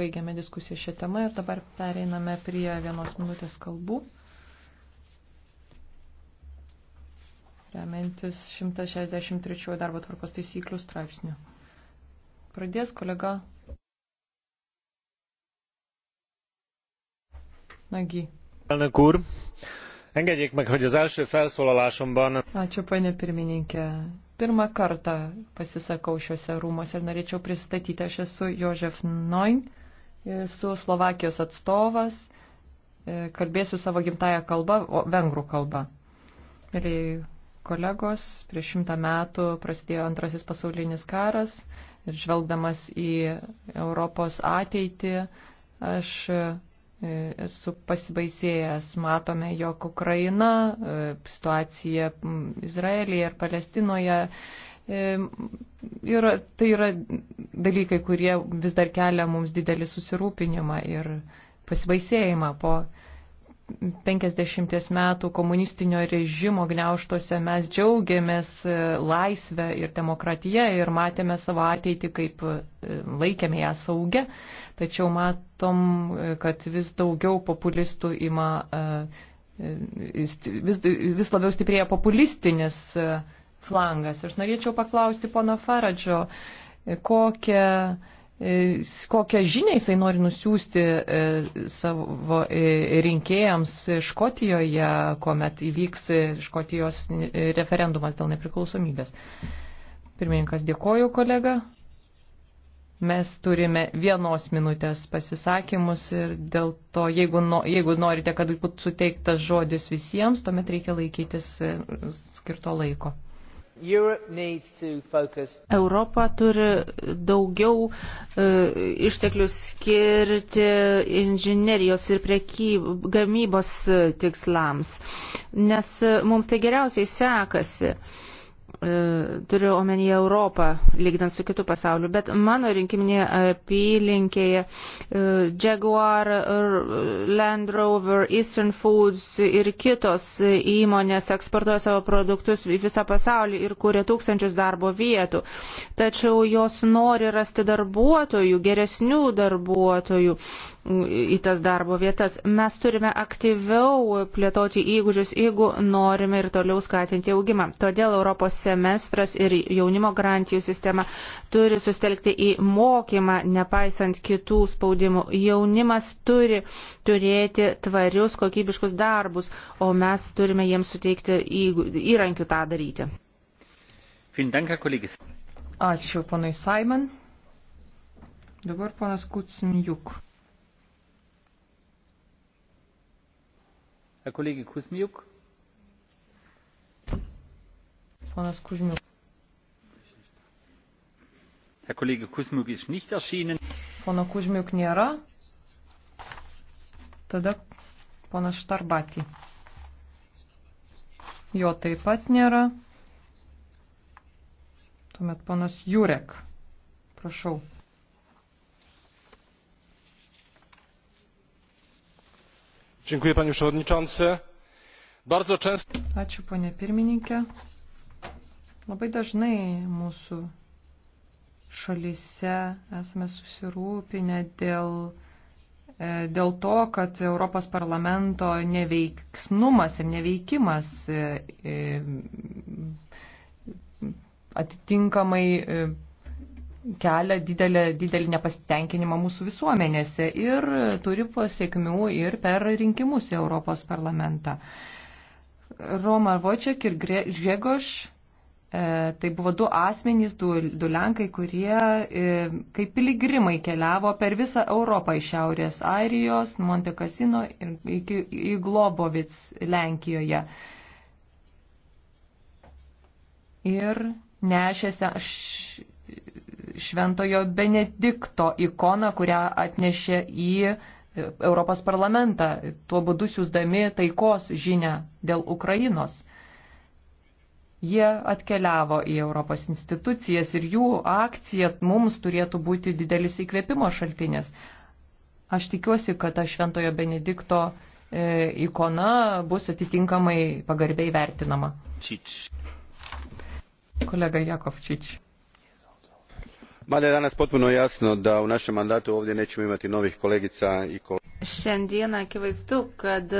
baigiame diskusiją šią temą ir dabar pereiname prie vienos minutės kalbų. Remiantis 163 darbo tvarkos taisyklių straipsnių. Pradės kolega Nagy. Elnök úr, engedjék meg, hogy az első felszólalásomban... Ačiū, panė pirmininkė pirmą kartą pasisakau šiuose rūmose ir norėčiau pristatyti, aš esu Jožef Noin, esu Slovakijos atstovas, e, kalbėsiu savo gimtają kalbą, o vengrų kalbą. Mėlyi kolegos, prieš šimtą metų prasidėjo antrasis pasaulinis karas ir žvelgdamas į Europos ateitį, aš e, esu pasibaisėjęs. Matome, jog Ukraina, e, situacija Izraelyje ir Palestinoje Ir tai yra dalykai, kurie vis dar kelia mums didelį susirūpinimą ir pasibaisėjimą po 50 metų komunistinio režimo gniauštose mes džiaugiamės e, laisvę ir demokratiją ir matėme savo ateitį, kaip e, laikėme ją saugę, tačiau matom, e, kad vis daugiau populistų ima, vis, vis labiau stiprėja populistinis flangas. Aš norėčiau paklausti pono Faradžio, e, kokią e, kokią žinią jisai nori nusiųsti e, savo rinkėjams Škotijoje, kuomet įvyks Škotijos referendumas dėl nepriklausomybės. Pirmininkas, dėkoju kolega. Mes turime vienos minutės pasisakymus ir dėl to, jeigu, no, jeigu norite, kad būtų suteiktas žodis visiems, tuomet reikia laikytis skirto laiko. Europa turi daugiau e, išteklių skirti inžinerijos ir priekyb, gamybos e, tikslams, nes e, mums tai geriausiai sekasi. E, E, turiu omenyje Europą, lygdant su kitu pasauliu, bet mano rinkiminėje apylinkėje e, Jaguar, e, Land Rover, Eastern Foods ir kitos įmonės eksportuoja savo produktus į visą pasaulį ir kuria tūkstančius darbo vietų. Tačiau jos nori rasti darbuotojų, geresnių darbuotojų į tas darbo vietas. Mes turime aktyviau plėtoti įgūdžius, jeigu norime ir toliau skatinti augimą. Todėl Europos semestras ir jaunimo garantijų sistema turi sustelkti į mokymą, nepaisant kitų spaudimų. Jaunimas turi turėti tvarius, kokybiškus darbus, o mes turime jiems suteikti įrankių tą daryti. Ačiū, ponai Simon. Dabar ponas Kucmiuk. Herr Kollege Kusmiuk. Ponas Kužmiuk. Pono Kužmiuk nėra. Tada ponas Štarbatį. Jo taip pat nėra. Tuomet ponas Jurek. Prašau. Dziękuję panie przewodniczący. Bardzo często. Ačiū panie pirmininkė. Labai dažnai mūsų šalise esame susirūpinę dėl, e, dėl to, kad Europos parlamento neveiksnumas ir neveikimas e, e, atitinkamai kelia didelį, didelį nepasitenkinimą mūsų visuomenėse ir turi pasiekmių ir per rinkimus į Europos parlamentą. Roma Vočiak ir Žiegoš E, tai buvo du asmenys, du, du lenkai, kurie e, kaip piligrimai keliavo per visą Europą iš Šiaurės Airijos, Monte Casino ir iki, į Globovic Lenkijoje. Ir nešėse aš šventojo Benedikto ikoną, kurią atnešė į Europos parlamentą, tuo būdu siūsdami taikos žinę dėl Ukrainos. Jie atkeliavo į Europos institucijas ir jų akcija mums turėtų būti didelis įkvėpimo šaltinis. Aš tikiuosi, kad ta Šventojo Benedikto e, ikona bus atitinkamai pagarbiai vertinama. Čič. Kolega Jakovčić. Mada je danas potpuno jasno da u našem mandatu ovdje nećemo imati novih kolegica i kolega. Šiandieną akivaizdu, kad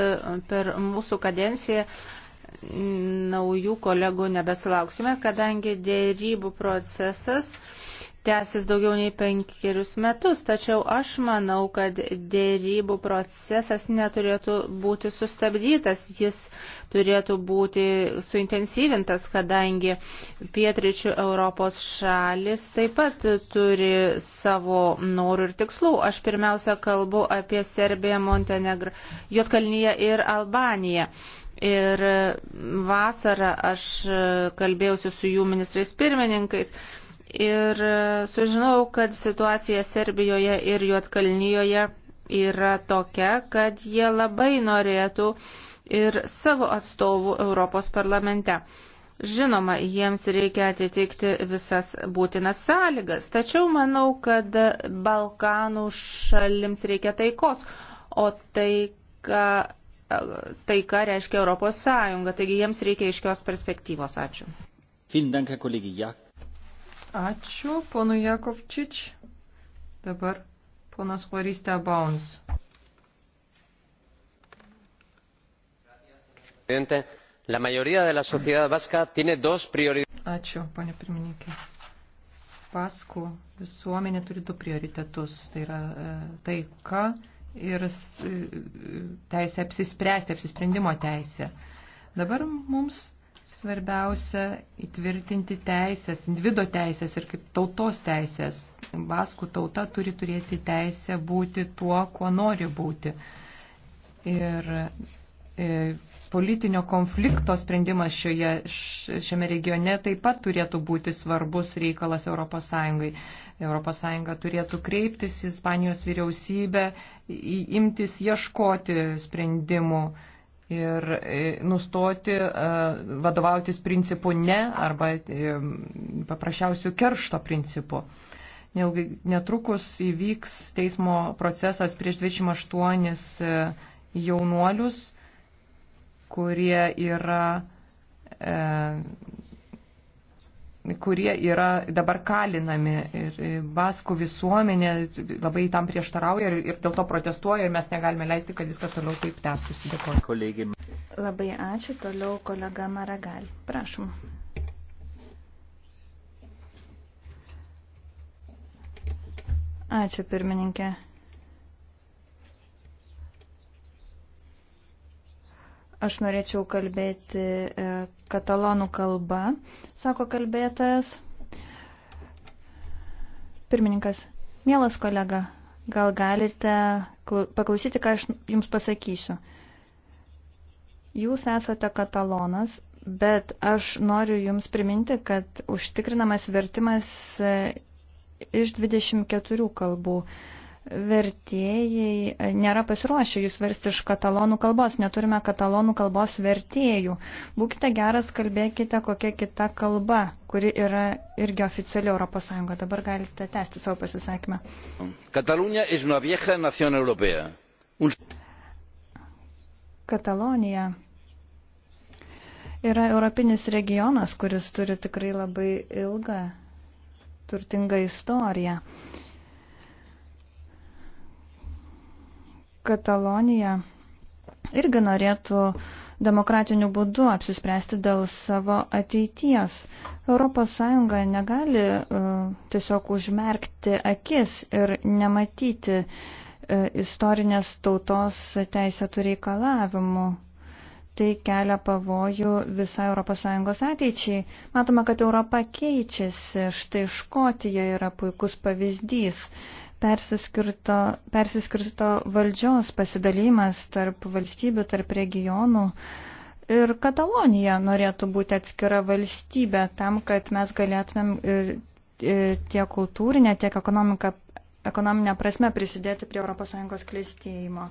per mūsų kadenciją naujų kolegų nebesulauksime, kadangi dėrybų procesas tęsis daugiau nei penkerius metus, tačiau aš manau, kad dėrybų procesas neturėtų būti sustabdytas, jis turėtų būti suintensyvintas, kadangi pietričių Europos šalis taip pat turi savo norų ir tikslų. Aš pirmiausia kalbu apie Serbiją, Montenegrą, Jotkalnyje ir Albaniją. Ir e, vasarą aš e, kalbėjausi su jų ministrais pirmininkais ir e, sužinau, kad situacija Serbijoje ir Juotkalnyjoje yra tokia, kad jie labai norėtų ir savo atstovų Europos parlamente. Žinoma, jiems reikia atitikti visas būtinas sąlygas, tačiau manau, kad Balkanų šalims reikia taikos, o taika tai, ką reiškia Europos Sąjunga. Taigi jiems reikia iškios perspektyvos. Ačiū. Ačiū, ponu Jakovčič. Dabar ponas Varystė Bauns. La mayoría de la sociedad vasca tiene dos prioridades. Ačiū, ponė pirmininkė. Paskų visuomenė turi du prioritetus. Tai yra e, taika ir e, teisę apsispręsti, apsisprendimo teisę. Dabar mums svarbiausia įtvirtinti teisės, individo teisės ir kaip tautos teisės. Baskų tauta turi turėti teisę būti tuo, kuo nori būti. Ir E, politinio konflikto sprendimas šioje, šiame regione taip pat turėtų būti svarbus reikalas Europos Sąjungai. Europos Sąjunga turėtų kreiptis į Ispanijos vyriausybę, imtis ieškoti sprendimų ir e, nustoti e, vadovautis principu ne arba paprasčiausių keršto principu. Nelgai, netrukus įvyks teismo procesas prieš 28 jaunuolius kurie yra, e, kurie yra dabar kalinami. Ir e, Baskų visuomenė labai tam prieštarauja ir, ir dėl to protestuoja ir mes negalime leisti, kad viskas toliau taip tęstųsi. Dėkuoju. Labai ačiū. Toliau kolega Maragal. Prašom. Ačiū pirmininkė. Aš norėčiau kalbėti e, katalonų kalba, sako kalbėtojas. Pirmininkas, mielas kolega, gal galite paklausyti, ką aš jums pasakysiu. Jūs esate katalonas, bet aš noriu jums priminti, kad užtikrinamas vertimas e, iš 24 kalbų vertėjai e, nėra pasiruošę jūs versti iš katalonų kalbos, neturime katalonų kalbos vertėjų. Būkite geras, kalbėkite kokia kita kalba, kuri yra irgi oficiali ES. Dabar galite tęsti savo pasisakymą. Katalonija es una vieja nación europea. Un... Katalonija yra europinis regionas, kuris turi tikrai labai ilgą, turtingą istoriją. Uh, Katalonija irgi norėtų demokratiniu būdu apsispręsti dėl savo ateities. ES negali uh, tiesiog užmerkti akis ir nematyti uh, istorinės tautos teisėtų reikalavimų. Tai kelia pavojų visai ES ateičiai. Matoma, kad Europa keičiasi. Štai Škotija yra puikus pavyzdys. Uh, persiskirto, persiskirto valdžios pasidalymas tarp valstybių, tarp regionų. Ir Katalonija norėtų būti atskira valstybė tam, kad mes galėtumėm e, tiek kultūrinė, tiek ekonominė prasme prisidėti prie ES klėstėjimo.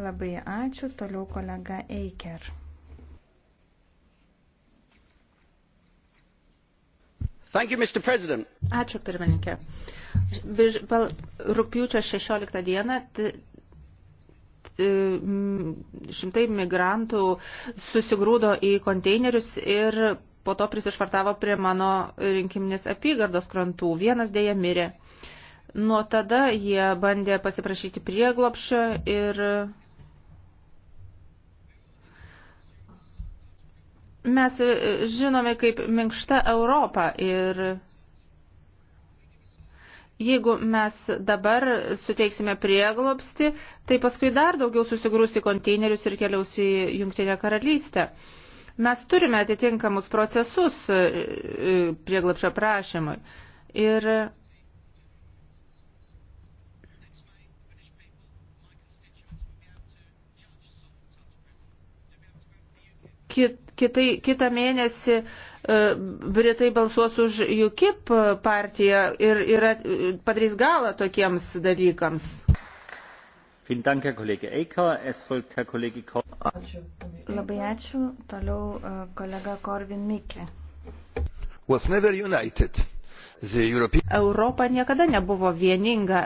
Labai ačiū. Toliau kolega Eiker. You, Ačiū pirmininkė. Rūpjūčio 16 dieną šimtai migrantų susigrūdo į konteinerius ir po to prisišvartavo prie mano rinkiminės apygardos krantų. Vienas dėja mirė. Nuo tada jie bandė pasiprašyti prieglopšio ir mes e, žinome kaip minkšta Europą ir jeigu mes dabar suteiksime prieglobsti, tai paskui dar daugiau susigrūs į konteinerius ir keliaus į Jungtinę karalystę. Mes turime atitinkamus procesus e, e, prieglapšio prašymui. Ir kit Kitai, kitą mėnesį e, Britai balsuos už UKIP partiją ir yra, e, padarys galą tokiems dalykams. Ačiū. Labai ačiū. Toliau e, kolega Korvin Mikė. European... Europa niekada nebuvo vieninga.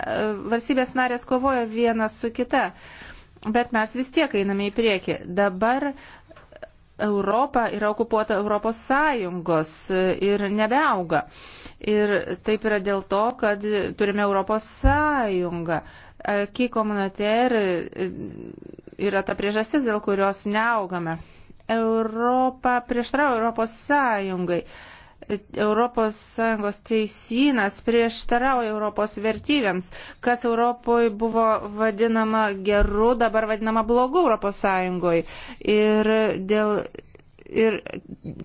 Valstybės narės kovojo viena su kita. Bet mes vis tiek einame į priekį. Dabar Europa yra okupuota Europos Sąjungos e, ir nebeauga. Ir taip yra dėl to, kad turime Europos Sąjungą. E, Ky komunater e, yra ta priežastis, dėl kurios neaugame. Europa prieštrauja Europos Sąjungai. ES teisynas prieštarauja Europos vertybėms, kas Europoje buvo vadinama geru, dabar vadinama blogu ES. Ir, dėl, ir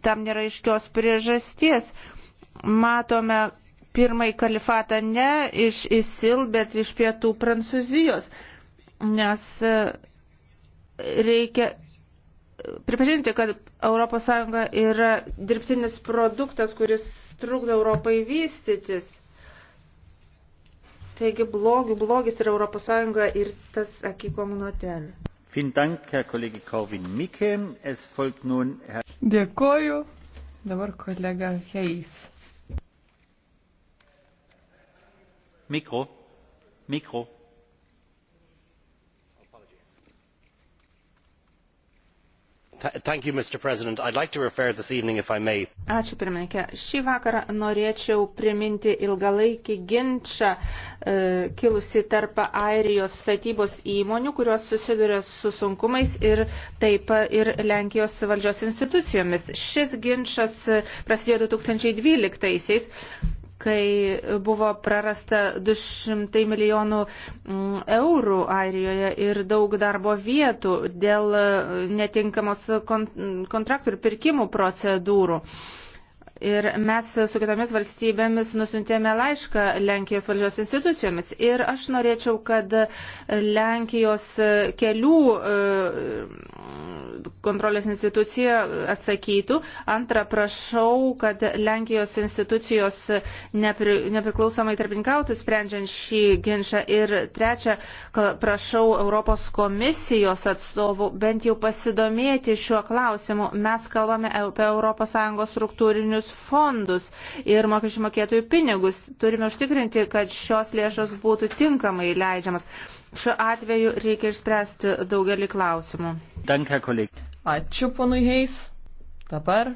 tam nėra iškios priežasties. Matome pirmąjį kalifatą ne iš Isil, bet iš pietų Prancūzijos, nes reikia pripažinti, kad ES yra dirbtinis produktas, kuris trukdo Europai vystytis. Taigi blogių blogis yra Europos Sąjunga ir tas aki komunotel. Dėkoju. Dabar kolega Heis. Mikro. Mikro. mr president i would like to refer this evening if i may. ačiū pirmininke šį vakarą norėčiau priminti ilgalaikį ginčą e, kilusį tarp airijos statybos įmonių kurios susiduria su sunkumais ir taip ir lenkijos valdžios institucijomis. šis ginčas prasidėjo du tūkstančiai dvyliktaisiais kai buvo prarasta 200 milijonų mm, eurų Airijoje ir daug darbo vietų dėl netinkamos kontraktų ir pirkimų procedūrų. Ir mes su kitomis valstybėmis nusintėme laišką Lenkijos valdžios institucijomis. Ir aš norėčiau, kad Lenkijos kelių e, kontrolės institucija atsakytų. Antra, prašau, kad Lenkijos institucijos nepri, nepriklausomai tarpininkautų sprendžiant šį ginčą. Ir trečia, prašau Europos komisijos atstovų bent jau pasidomėti šiuo klausimu. Mes kalbame apie ES struktūrinius europinius fondus ir mokesčių mokėtojų pinigus. Turime užtikrinti, kad šios lėšos būtų tinkamai leidžiamas. Šiuo atveju reikia išspręsti daugelį klausimų. Danke, kolegė. Ačiū, ponui Heis. Dabar,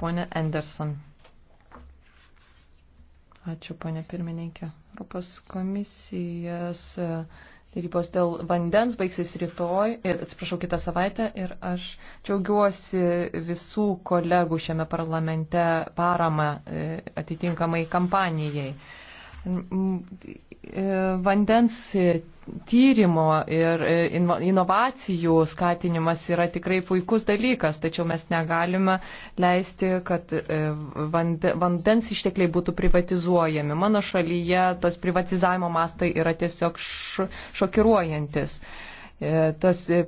ponė Anderson. Ačiū, ponė pirmininkė. Europos komisijos. Uh, Dėrybos dėl vandens baigsis rytoj, e, atsiprašau, kitą savaitę ir aš džiaugiuosi visų kolegų šiame parlamente parama e, atitinkamai kampanijai vandens tyrimo ir e, inovacijų skatinimas yra tikrai puikus dalykas, tačiau mes negalime leisti, kad e, vandens ištekliai būtų privatizuojami. Mano šalyje tos privatizavimo mastai yra tiesiog šokiruojantis. Š E, tas e,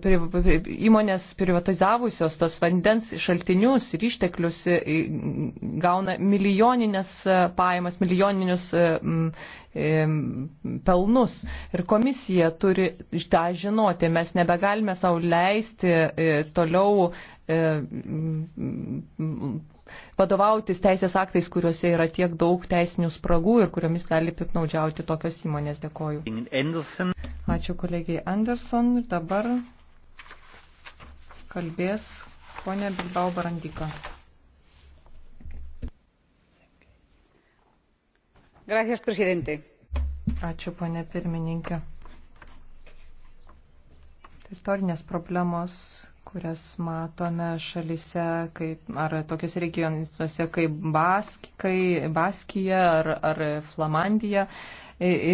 įmonės privatizavusios tos vandens šaltinius ir išteklius e, gauna milijoninės pajamas, milijoninius pelnus. Ir komisija turi tą žinoti. Mes nebegalime savo leisti toliau vadovautis teisės aktais, kuriuose yra tiek daug teisinių spragų ir kuriomis gali piknaudžiauti tokios įmonės. Dėkoju. Anderson. Ačiū kolegijai Anderson. Ir dabar kalbės ponė Bilbao Barandika. Gracias, presidente. Ačiū, ponė pirmininkė. Teritorinės problemos kurias matome šalise, kaip, ar tokiuose regionuose kaip Baskai, Baskija ar, ar Flamandija,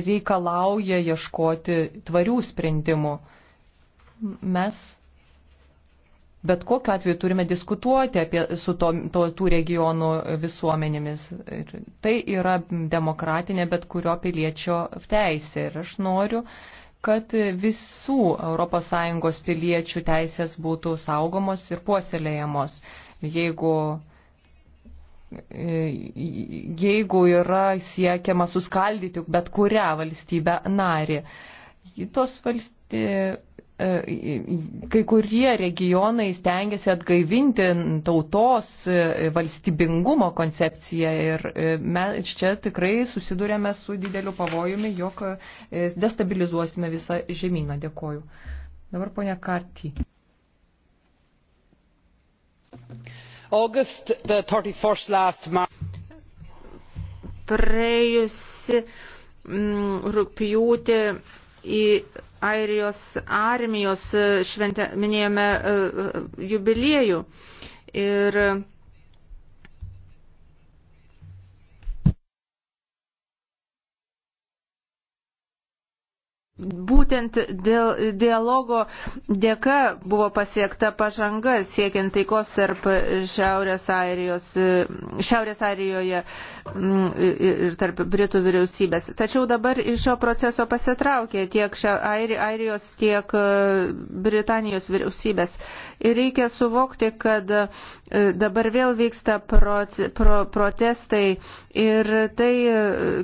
reikalauja ieškoti tvarių sprendimų. Mes bet kokiu atveju turime diskutuoti apie, su to, to, tų regionų visuomenėmis. Ir tai yra demokratinė bet kurio piliečio teisė. Ir aš noriu kad visų ES piliečių teisės būtų saugomos ir puoselėjamos. Jeigu jeigu yra siekiama suskaldyti bet kurią valstybę narį. Tos valstybės E, kai kurie regionai stengiasi atgaivinti tautos e, valstybingumo koncepciją ir e, mes čia tikrai susidurėme su dideliu pavojumi, jog destabilizuosime visą žemyną. Dėkoju. Dabar ponia Karty. August the 31st last month. Praėjusi mm, rūpjūtį į Airijos armijos šventė, minėjome e, e, jubiliejų. Ir Būtent dėl dialogo dėka buvo pasiekta pažanga siekiant taikos tarp Šiaurės, Airijos, Šiaurės Airijoje mm, ir tarp Britų vyriausybės. Tačiau dabar iš šio proceso pasitraukė tiek Airijos, tiek e, Britanijos vyriausybės. Ir reikia suvokti, kad e, dabar vėl vyksta protestai ir tai e,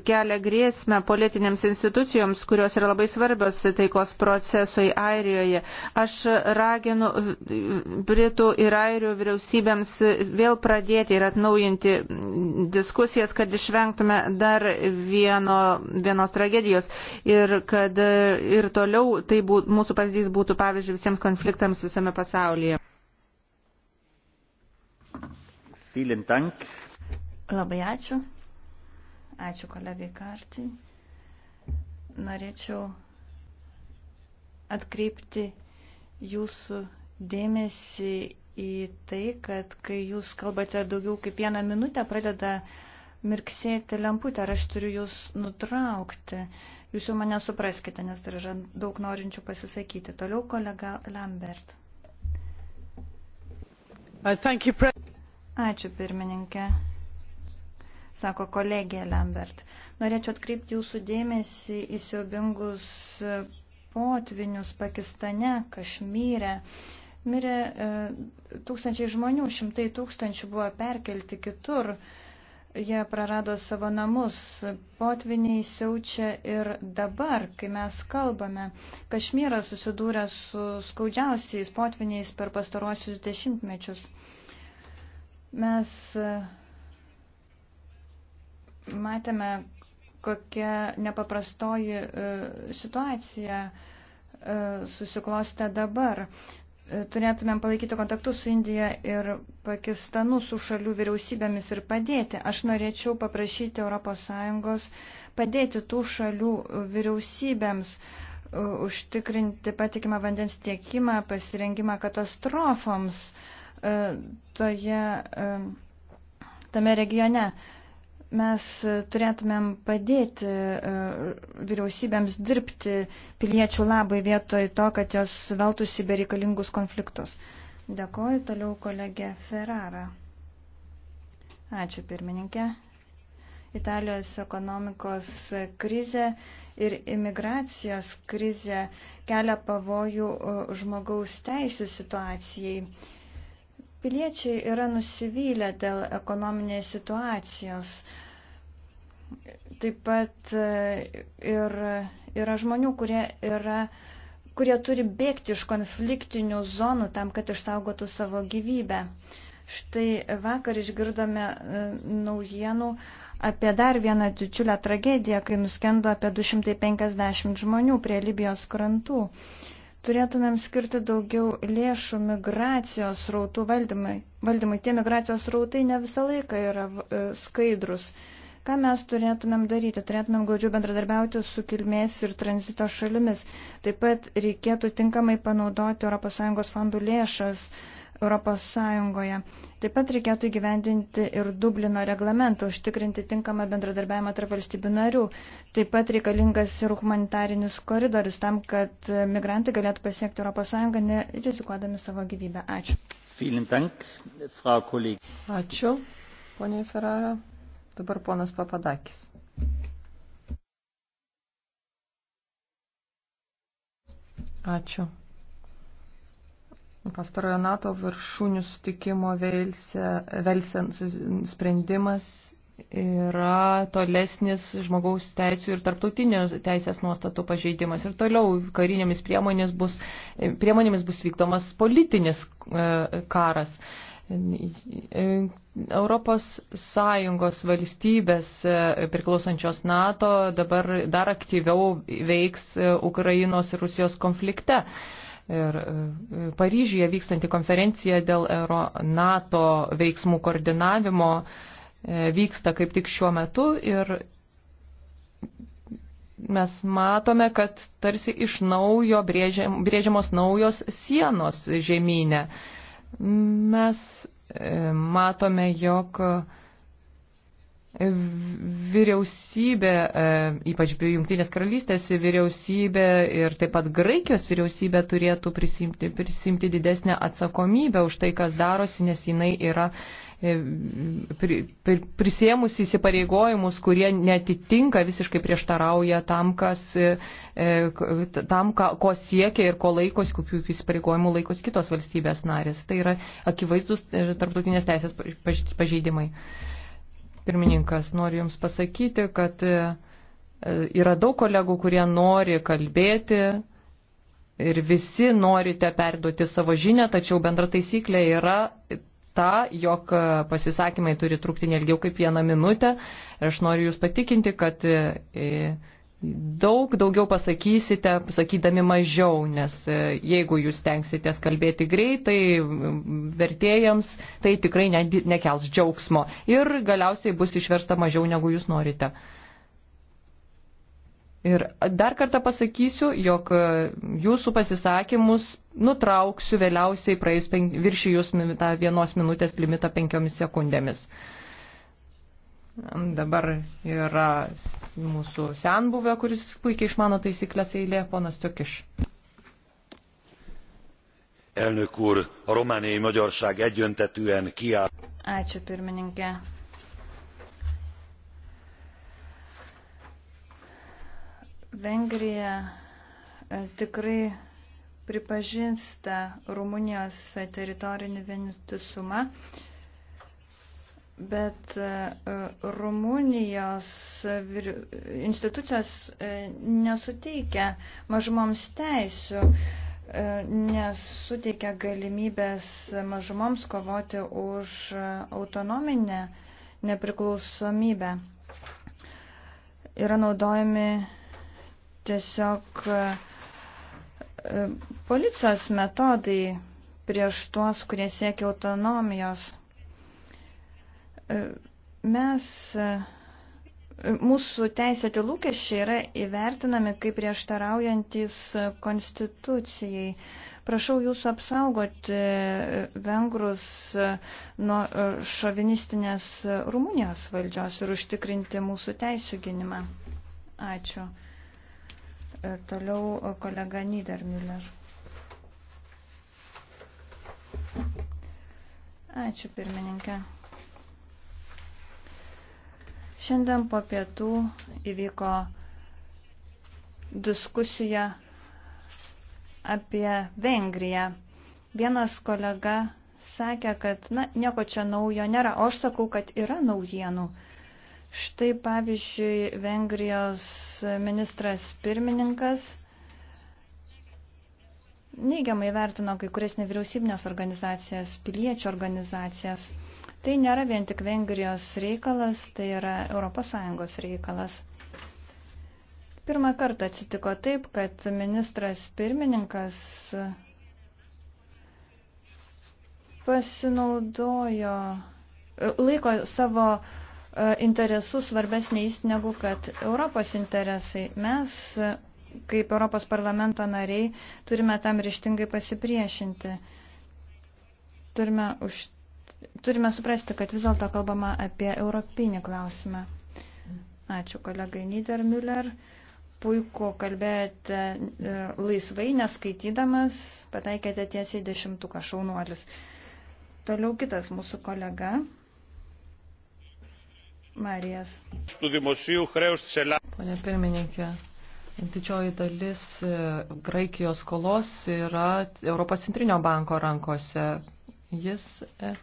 kelia grėsmę politinėms institucijoms, kurios yra labai svarbios svarbios taikos procesui Airijoje. Aš raginu Britų ir Airijų vyriausybėms vėl pradėti ir atnaujinti diskusijas, kad išvengtume dar vieno, vienos tragedijos ir kad ir toliau tai būt, mūsų pavyzdys būtų pavyzdžiui visiems konfliktams visame pasaulyje. Vielen Dank. Labai ačiū. Ačiū kolegai Kartį. Norėčiau atkreipti jūsų dėmesį į tai, kad kai jūs kalbate daugiau kaip vieną minutę, pradeda mirksėti lemputę, ar aš turiu jūs nutraukti. Jūs jau mane supraskite, nes dar yra daug norinčių pasisakyti. Toliau kolega Lambert. Uh, Ačiū pirmininkė, sako kolegė Lambert. Norėčiau atkreipti jūsų dėmesį į siaubingus potvinius Pakistane, Kašmyre. Mirė e, tūkstančiai žmonių, šimtai tūkstančių buvo perkelti kitur. Jie prarado savo namus. Potviniai siaučia ir dabar, kai mes kalbame. Kašmyras susidūrė su skaudžiausiais potviniais per pastaruosius dešimtmečius. Mes e, matėme, kokia nepaprastoji e, situacija e, susiklostė dabar. E, turėtumėm palaikyti kontaktus su Indija ir Pakistanu, su šalių vyriausybėmis ir padėti. Aš norėčiau paprašyti ES padėti tų šalių vyriausybėms užtikrinti patikimą vandens tiekimą, pasirengimą katastrofoms toje, tame regione mes e, turėtumėm padėti e, vyriausybėms dirbti piliečių labai vietoj to, kad jos veltųsi bereikalingus konfliktus. Dėkoju toliau kolegė Ferrara. Ačiū pirmininkė. Italijos ekonomikos krizė ir imigracijos krizė kelia pavojų e, žmogaus teisų situacijai Piliečiai yra nusivylę dėl ekonominės situacijos. Taip pat e, ir yra žmonių, kurie, yra, kurie turi bėgti iš konfliktinių zonų tam, kad išsaugotų savo gyvybę. Štai vakar išgirdome e, naujienų apie dar vieną didžiulę tragediją, kai nuskendo apie 250 žmonių prie Libijos krantų turėtumėm skirti daugiau lėšų migracijos rautų valdymai. valdymai. Tie migracijos rautai ne visą laiką yra e, skaidrus. Ką mes turėtumėm daryti? Turėtumėm glaudžiau bendradarbiauti su kilmės ir tranzito šalimis. Taip pat reikėtų tinkamai panaudoti ES fondų lėšas Europos Sąjungoje. Taip pat reikėtų įgyvendinti ir Dublino reglamentą, užtikrinti tinkamą bendradarbiavimą tarp valstybių narių. Taip pat reikalingas ir humanitarinis koridorius tam, kad migrantai galėtų pasiekti Europos Sąjungą, nerizikuodami savo gyvybę. Ačiū. Ačiū, ponė Ferrara. Dabar ponas Papadakis. Ačiū. Pastarojo NATO viršūnių sutikimo Velsen sprendimas yra tolesnis žmogaus teisų ir tarptautinio teisės nuostatų pažeidimas. Ir toliau karinėmis priemonėmis bus, priemonėmis bus vykdomas politinis e, karas. E, Europos Sąjungos valstybės e, priklausančios NATO dabar dar aktyviau veiks Ukrainos ir Rusijos konflikte. Ir e, Paryžyje vykstanti konferencija dėl NATO veiksmų koordinavimo e, vyksta kaip tik šiuo metu ir mes matome, kad tarsi iš naujo brėžiam, brėžiamos naujos sienos žemynė. Mes e, matome, jog vyriausybė, e, ypač Junktinės karalystės vyriausybė ir taip pat Graikijos vyriausybė turėtų prisimti, prisimti didesnę atsakomybę už tai, kas darosi, nes jinai yra e, pri, pri, prisėmusi įsipareigojimus, kurie netitinka, visiškai prieštarauja tam, kas, e, tam ką, ko siekia ir ko laikosi, kokių įsipareigojimų laikosi kitos valstybės narės. Tai yra akivaizdus tarptautinės teisės pažeidimai. Paž, paž, paž, paž, paž, paž, paž, paž, Pirmininkas, noriu Jums pasakyti, kad e, yra daug kolegų, kurie nori kalbėti ir visi norite perduoti savo žinę, tačiau bendra taisyklė yra ta, jog e, pasisakymai turi trukti nelgiau kaip vieną minutę. Ir aš noriu Jūs patikinti, kad e, daug daugiau pasakysite, sakydami mažiau, nes e, jeigu jūs tenksitės kalbėti greitai vertėjams, tai tikrai ne, nekels džiaugsmo ir galiausiai bus išversta mažiau, negu jūs norite. Ir dar kartą pasakysiu, jog e, jūsų pasisakymus nutrauksiu vėliausiai praėjus viršijus tą vienos minutės limitą penkiomis sekundėmis. Dabar yra mūsų senbuvė, kuris puikiai išmano taisyklės eilė, ponas Tokiš. Elnök úr, a romániai magyarság egyöntetűen kiáll. Ačiū pirmininkė. Vengrija e, tikrai pripažįsta Rumunijos teritorinį vientisumą bet e, e, Rumunijos institucijos e, nesuteikia mažumoms teisių, nesuteikia galimybės mažumoms kovoti už autonominę nepriklausomybę. Yra naudojami tiesiog policijos metodai prieš tuos, kurie siekia autonomijos. Mes, mūsų teisėti lūkesčiai yra įvertinami kaip prieštaraujantis konstitucijai. Prašau jūsų apsaugoti vengrus nuo šovinistinės Rumunijos valdžios ir užtikrinti mūsų teisų gynimą. Ačiū. Ir toliau kolega Niedermüller. Ačiū pirmininkė. Šiandien po pietų įvyko diskusija apie Vengriją. Vienas kolega sakė, kad na, nieko čia naujo nėra, o aš sakau, kad yra naujienų. Štai pavyzdžiui, Vengrijos ministras pirmininkas neigiamai vertino kai kurias nevyriausybinės organizacijas, piliečių organizacijas. Tai nėra vien tik Vengrijos reikalas, tai yra ES reikalas. Pirmą kartą atsitiko taip, kad ministras pirmininkas pasinaudojo, laiko savo e, interesus svarbesniais negu kad Europos interesai. Mes, kaip Europos parlamento nariai, turime tam ryštingai pasipriešinti. Turime užtikrinti turime suprasti, kad vis dėlto kalbama apie europinį klausimą. Ačiū kolegai Niedermüller. Puiku kalbėjote e, laisvai, neskaitydamas, pataikėte tiesiai dešimtuką šaunuolis. Toliau kitas mūsų kolega. Marijas. Pone pirmininkė, Didžioji dalis e, Graikijos skolos yra Europos centrinio banko rankose. Jis e,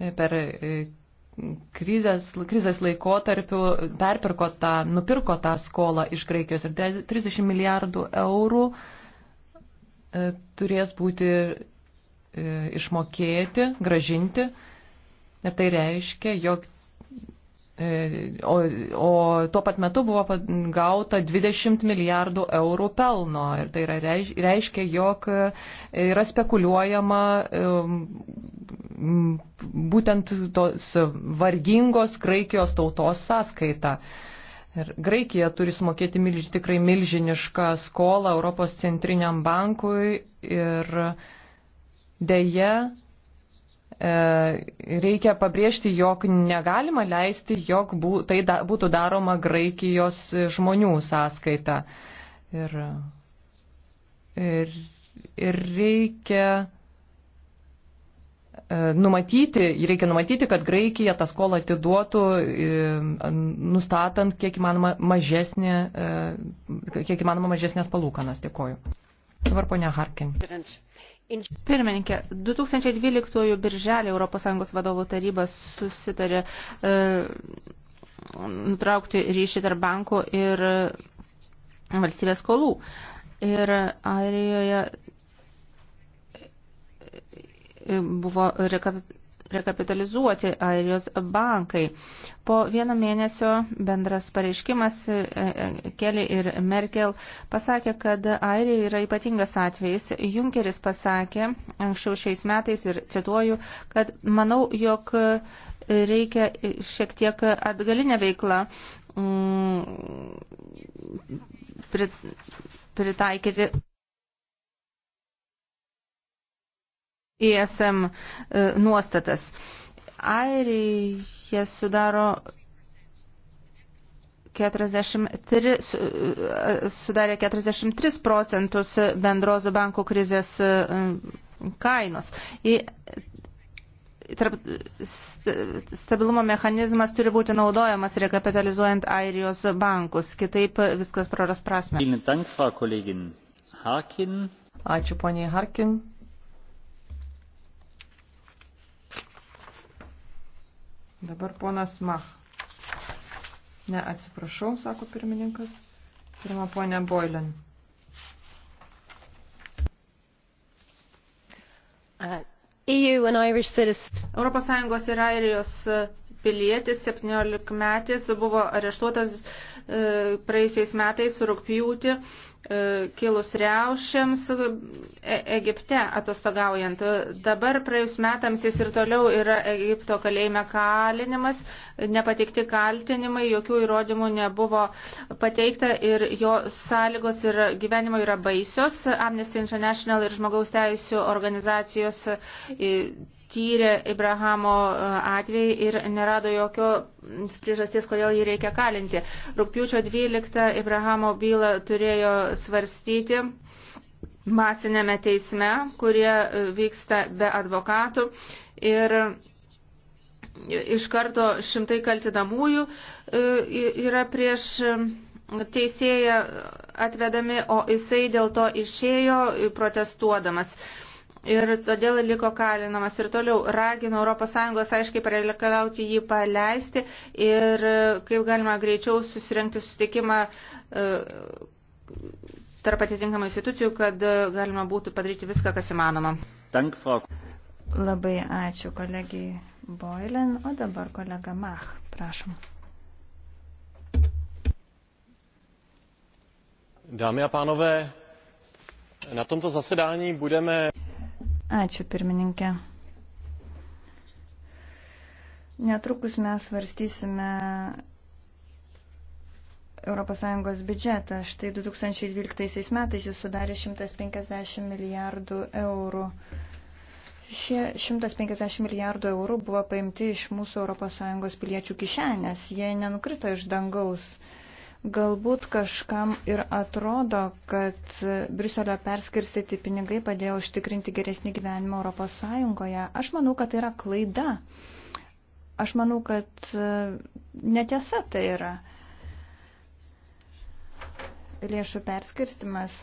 E, per e, krizės, krizės laikotarpiu perpirko tą, nupirko tą skolą iš Graikijos ir 30 milijardų eurų e, turės būti išmokėti, gražinti. Ir tai reiškia, jog O, o tuo pat metu buvo gauta 20 milijardų eurų pelno ir tai yra, reiškia, jog yra spekuliuojama būtent tos vargingos Graikijos tautos sąskaita. Ir Graikija turi sumokėti milž, tikrai milžinišką skolą Europos centriniam bankui ir dėje e, reikia pabrėžti, jog negalima leisti, jog bū, tai da, būtų daroma Graikijos žmonių sąskaita. Ir, ir, ir reikia E, numatyti, reikia numatyti, kad Graikija tą skolą atiduotų, e, nustatant kiek įmanoma, mažesnė, e, kiek įmanoma mažesnės palūkanas. Dėkoju. Dabar ponia Harkin. Pirmininkė, 2012 birželį ES vadovų taryba susitarė e, nutraukti ryšį tarp bankų ir valstybės skolų. Ir Airijoje buvo rekapitalizuoti Airijos bankai. Po vieno mėnesio bendras pareiškimas e, e, Keli ir Merkel pasakė, kad Airija yra ypatingas atvejis. Junkeris pasakė anksčiau šiais metais ir cituoju, kad manau, jog reikia šiek tiek atgalinę veiklą mm, pritaikyti ESM e, nuostatas. Airija sudaro 43, e, sudarė 43 procentus bendros bankų krizės e, kainos. Į tarp, stabilumo mechanizmas turi būti naudojamas rekapitalizuojant Airijos bankus, kitaip viskas praras prasme. Ačiū poniai Harkin. Dabar ponas Mach. Ne, atsiprašau, sako pirmininkas. Pirma ponė Boilen. Uh, EU and Irish citizens. Europos Sąjungos ir Airijos pilietis 17 metis buvo areštuotas uh, praėjusiais metais rugpjūtį E, kilus reušiams e, Egipte atostogaujant. Dabar praėjus metams jis ir toliau yra Egipto kalėjime kalinimas, nepateikti kaltinimai, jokių įrodymų nebuvo pateikta ir jo sąlygos ir gyvenimo yra baisios. Amnesty International ir žmogaus teisų organizacijos tyrė Ibrahamo e, atvejį ir nerado jokio priežasties, kodėl jį reikia kalinti. Rūpiučio 12 Ibrahamo bylą turėjo svarstyti masinėme teisme, kurie e, vyksta be advokatų. Ir iš karto šimtai kaltinamųjų e, yra prieš teisėją atvedami, o jisai dėl to išėjo protestuodamas ir todėl liko kalinamas. Ir toliau ragino ES aiškiai pareikalauti jį paleisti ir kaip galima greičiau susirinkti susitikimą e, tarp atitinkamų institucijų, kad e, galima būtų padaryti viską, kas įmanoma. Dank, Frau. Labai ačiū kolegijai Boilen, o dabar kolega Mach, prašom. Dámy a pánové, na tomto zasedání budeme Ačiū pirmininkė. Netrukus mes varstysime ES biudžetą. Štai 2012 metais jis sudarė 150 milijardų eurų. Šie 150 milijardų eurų buvo paimti iš mūsų ES piliečių kišenės. Jie nenukrito iš dangaus. Galbūt kažkam ir atrodo, kad Briuselio perskirstyti pinigai padėjo užtikrinti geresnį gyvenimą Europos Sąjungoje. Aš manau, kad tai yra klaida. Aš manau, kad e, netiesa tai yra. Lėšų perskirstimas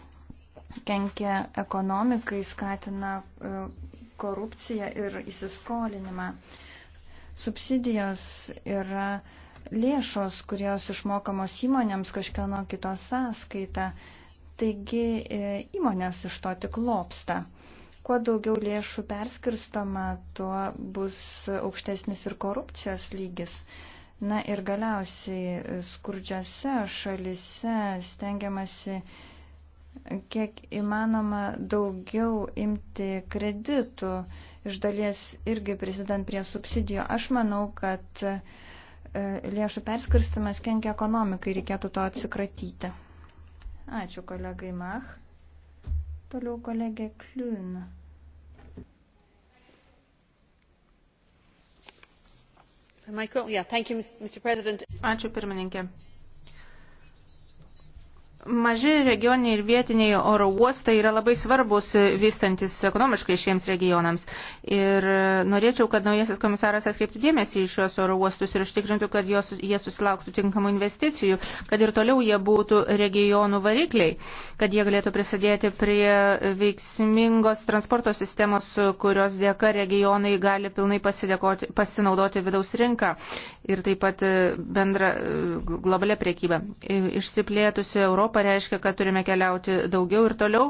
kenkia ekonomikai, skatina e, korupciją ir įsiskolinimą. Subsidijos yra lėšos, kurios išmokamos įmonėms kažkieno kitos sąskaita. Taigi e, įmonės iš to tik lopsta. Kuo daugiau lėšų perskirstoma, tuo bus aukštesnis ir korupcijos lygis. Na ir galiausiai skurdžiose šalise stengiamasi kiek įmanoma daugiau imti kreditų, iš dalies irgi prisidant prie subsidijų. Aš manau, kad uh, E, lėšų perskirstimas kenkia ekonomikai, reikėtų to atsikratyti. Ačiū kolegai Mach. Toliau kolegė Kliūn. Ačiū pirmininkė. Maži regioniniai ir vietiniai oro uostai yra labai svarbus vystantis ekonomiškai šiems regionams. Ir norėčiau, kad naujasis komisaras atkreiptų dėmesį į šios oro uostus ir užtikrintų, kad jos, jie susilauktų tinkamų investicijų, kad ir toliau jie būtų regionų varikliai, kad jie galėtų prisidėti prie veiksmingos transporto sistemos, kurios dėka regionai gali pilnai pasinaudoti vidaus rinką ir taip pat bendrą globalę priekybę. Išsiplėtusi Europą Europa reiškia, kad turime keliauti daugiau ir toliau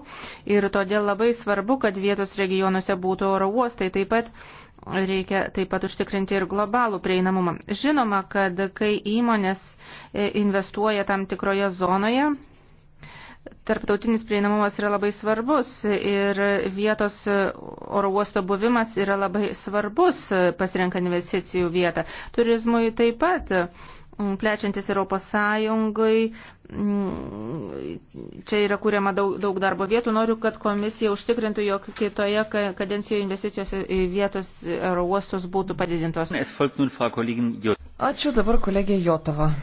ir todėl labai svarbu, kad vietos regionuose būtų oro uostai. Taip pat reikia taip pat užtikrinti ir globalų prieinamumą. Žinoma, kad kai įmonės e, investuoja tam tikroje zonoje, tarptautinis prieinamumas yra labai svarbus ir vietos oro uosto buvimas yra labai svarbus pasirenka investicijų vietą. Turizmui taip pat plečiantis Europos Sąjungai. Čia yra kuriama daug, daug darbo vietų. Noriu, kad komisija užtikrintų, jog kitoje kadencijoje investicijos į vietos oro uostus būtų padidintos. Ačiū dabar kolegė Jotova.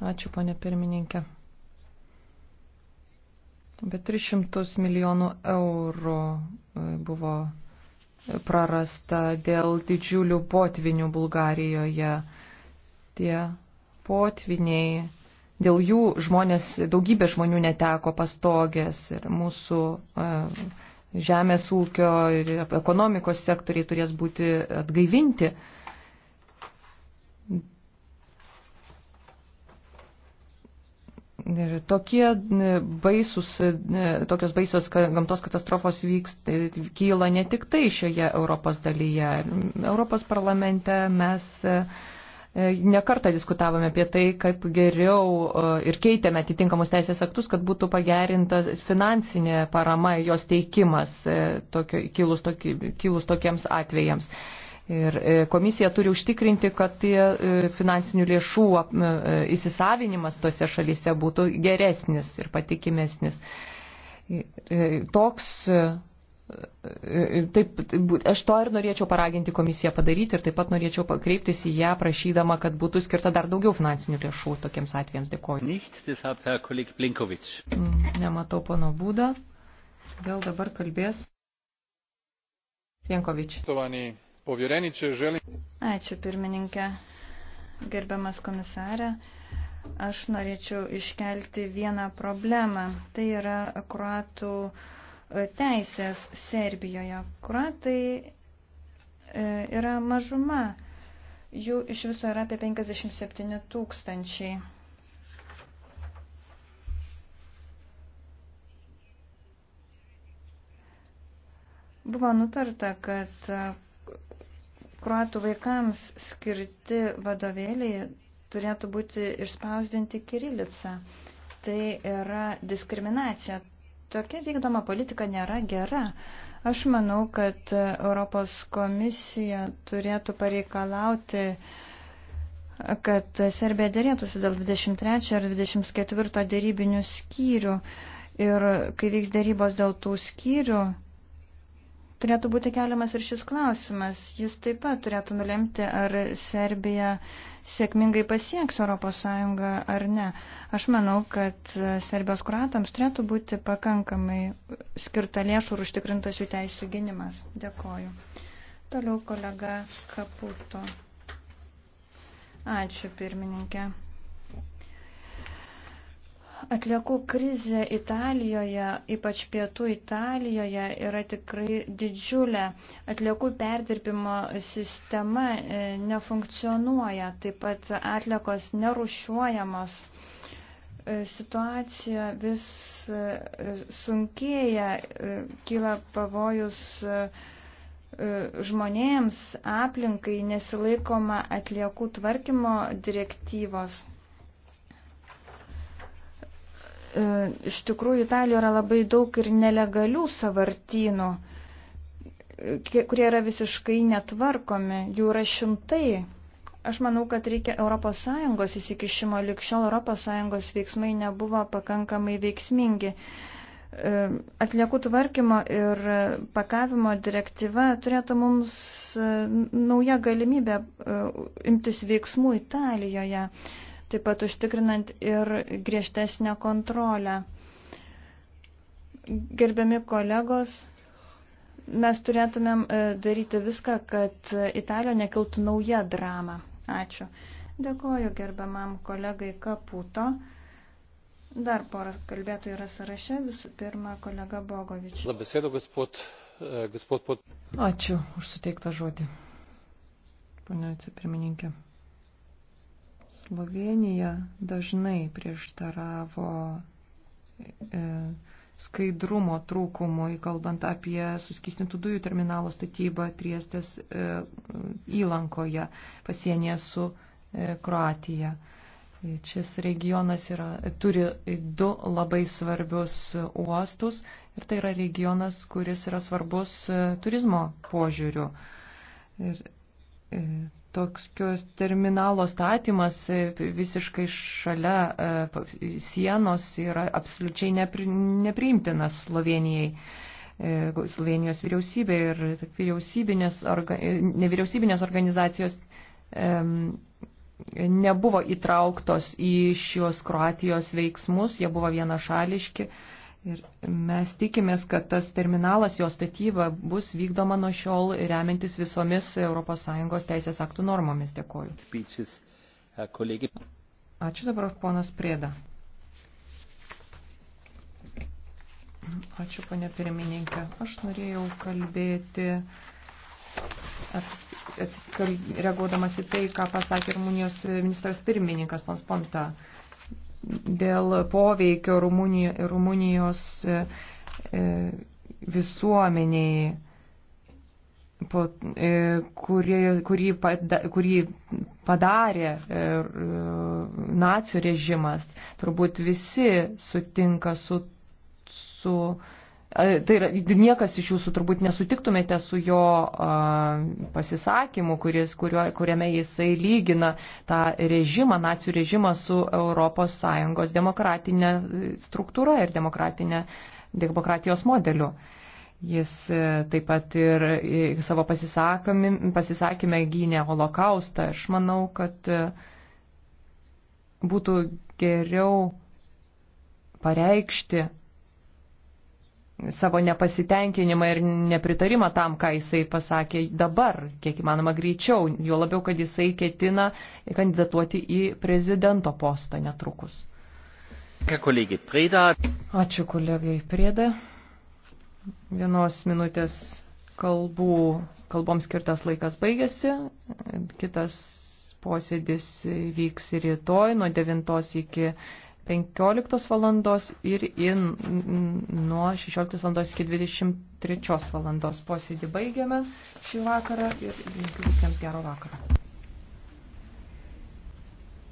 Ačiū, ponė pirmininkė. Apie 300 milijonų eurų e, buvo prarasta dėl didžiulių potvinių Bulgarijoje. Tie potviniai, dėl jų žmonės, daugybė žmonių neteko pastogės ir mūsų e, žemės ūkio ir ekonomikos sektoriai turės būti atgaivinti. Ir tokie e, baisus, e, tokios baisios gamtos katastrofos vyksta, kyla ne tik tai šioje Europos dalyje. Europos parlamente mes e, nekartą diskutavome apie tai, kaip geriau ir keitėme atitinkamus teisės aktus, kad būtų pagerinta finansinė parama jos teikimas tokio, kilus, toki, kilus tokiems atvejams. Ir e, komisija turi užtikrinti, kad tie e, finansinių lėšų e, įsisavinimas tose šalyse būtų geresnis ir patikimesnis. Toks Taip, aš to ir norėčiau paraginti komisiją padaryti ir taip pat norėčiau kreiptis į ją prašydama, kad būtų skirta dar daugiau finansinių lėšų tokiems atvejams. Dėkuoju. Nicht, deshalb, mm, Nematau pono būdą. Gal dabar kalbės Pienkovič. Povjereniče, želim. Ačiū pirmininkė, gerbiamas komisarė. Aš norėčiau iškelti vieną problemą. Tai yra kruatų e, teisės Serbijoje. Kruatai e, yra mažuma. Jų iš viso yra apie 57 tūkstančiai. Buvo nutarta, kad Kruatų vaikams skirti vadovėliai turėtų būti išspausdinti kirilica. Tai yra diskriminacija. Tokia vykdoma politika nėra gera. Aš manau, kad Europos komisija turėtų pareikalauti, kad Serbija dėrėtųsi dėl 23 ar 24 dėrybinių skyrių. Ir kai vyks dėrybos dėl tų skyrių, turėtų būti keliamas ir šis klausimas. Jis taip pat turėtų nulemti, ar Serbija sėkmingai pasieks ES ar ne. Aš manau, kad Serbijos kuratams turėtų būti pakankamai skirta lėšų ir užtikrintas jų teisų gynimas. Dėkoju. Toliau kolega Kaputo. Ačiū pirmininkė. Atliekų krizė Italijoje, ypač pietų Italijoje, yra tikrai didžiulė. Atliekų perdirbimo sistema e, nefunkcionuoja, taip pat atliekos nerušiuojamos. E, situacija vis e, sunkėja, kyla pavojus žmonėms, aplinkai nesilaikoma atliekų tvarkymo direktyvos. E, iš tikrųjų, Italijoje yra labai daug ir nelegalių savartynų, kurie yra visiškai netvarkomi, jų yra šimtai. Aš manau, kad reikia ES įsikišimo, likščiol ES veiksmai nebuvo pakankamai veiksmingi. E, atliekų tvarkymo ir pakavimo direktyva turėtų mums e, naują galimybę imtis veiksmų Italijoje taip pat užtikrinant ir griežtesnę kontrolę. Gerbiami kolegos, mes turėtumėm e, daryti viską, kad Italija nekiltų nauja drama. Ačiū. Dėkoju gerbiamam kolegai Kaputo. Dar porą kalbėtojų yra sąraše. Visų pirma, kolega Bogovič. E, Ačiū už suteiktą žodį, ponia vicepirmininkė. Slovenija dažnai prieštaravo e, skaidrumo trūkumui, kalbant apie suskistintų dujų terminalo statybą Triestės e, įlankoje pasienyje su e, Kroatija. Šis regionas yra, turi du labai svarbius uostus ir tai yra regionas, kuris yra svarbus turizmo požiūriu. Ir, ir Tokios terminalo statymas visiškai šalia e, sienos yra absoliučiai nepri, nepriimtinas Slovenijai. E, Slovenijos vyriausybė ir vyriausybinės, orga, e, nevyriausybinės organizacijos nebuvo įtrauktos į šios Kroatijos veiksmus, jie buvo vienašališki. šališki Ir mes tikimės, kad tas terminalas, jo statyba bus vykdoma nuo šiol remiantis visomis ES teisės aktų normomis. Dėkuoju. Ačiū dabar, ponas Prėda. Ačiū, ponė pirmininkė. Aš norėjau kalbėti reaguodamas į tai, ką pasakė Rumunijos ministras pirmininkas Pons Ponta dėl poveikio Rumunijos e, e, visuomeniai, po, e, kurį, kurį, pada, kurį padarė nacių režimas. Turbūt visi sutinka su. su Tai yra, niekas iš jūsų turbūt nesutiktumėte su jo a, pasisakymu, kuris, kurio, kuriame jisai lygina tą režimą, nacijų režimą su ES demokratinė e, struktūra ir demokratinė, demokratijos modeliu. Jis e, taip pat ir e, savo pasisakymę gynė holokaustą. Aš manau, kad būtų geriau pareikšti savo nepasitenkinimą ir nepritarimą tam, ką jisai pasakė dabar, kiek įmanoma greičiau, jo labiau, kad jisai ketina kandidatuoti į prezidento postą netrukus. Ačiū kolegai Prėda. Vienos minutės kalbų, kalboms skirtas laikas baigėsi. Kitas posėdis vyks rytoj nuo 9 iki 15 valandos ir in, nuo 16 valandos iki 23 valandos posėdį baigiame šį vakarą ir linkiu visiems gero vakaro.